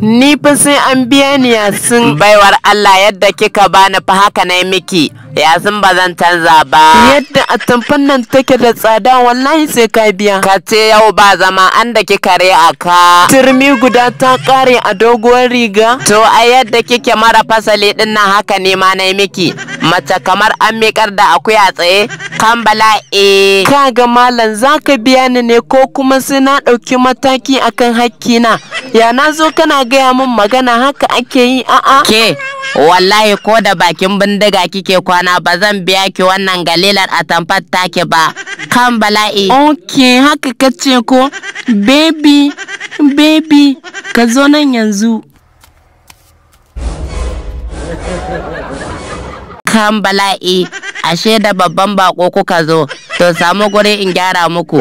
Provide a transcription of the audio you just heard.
Ni fa sai an biya ni sun Baiwar Allah yadda kika bani fa haka na miki. sun ba zan canza ba. Yadda tamfan nan take da tsada wallahi sai ka biya. Ka ce yau ba zama an da kika a ka. Turmi guda ta kare a doguwar riga. To a yadda kike mara fasali din nan haka ne ma na miki. Mace kamar an miƙar da akuya tsaye kan eh. Ka ga malam zaka ka biya ni ne ko kuma sai na ɗauki mataki akan hakkina. ya na zo kana gaya min magana haka ake yi a'a ke wallahi ko da bakin bindiga kike kwana ba zan biya ki wannan galilar a tamfar take ba kan bala'i ok haka ka ko baby baby ka zo nan yanzu kan bala'i ashe da babban bako kuka zo to samu guri in gyara muku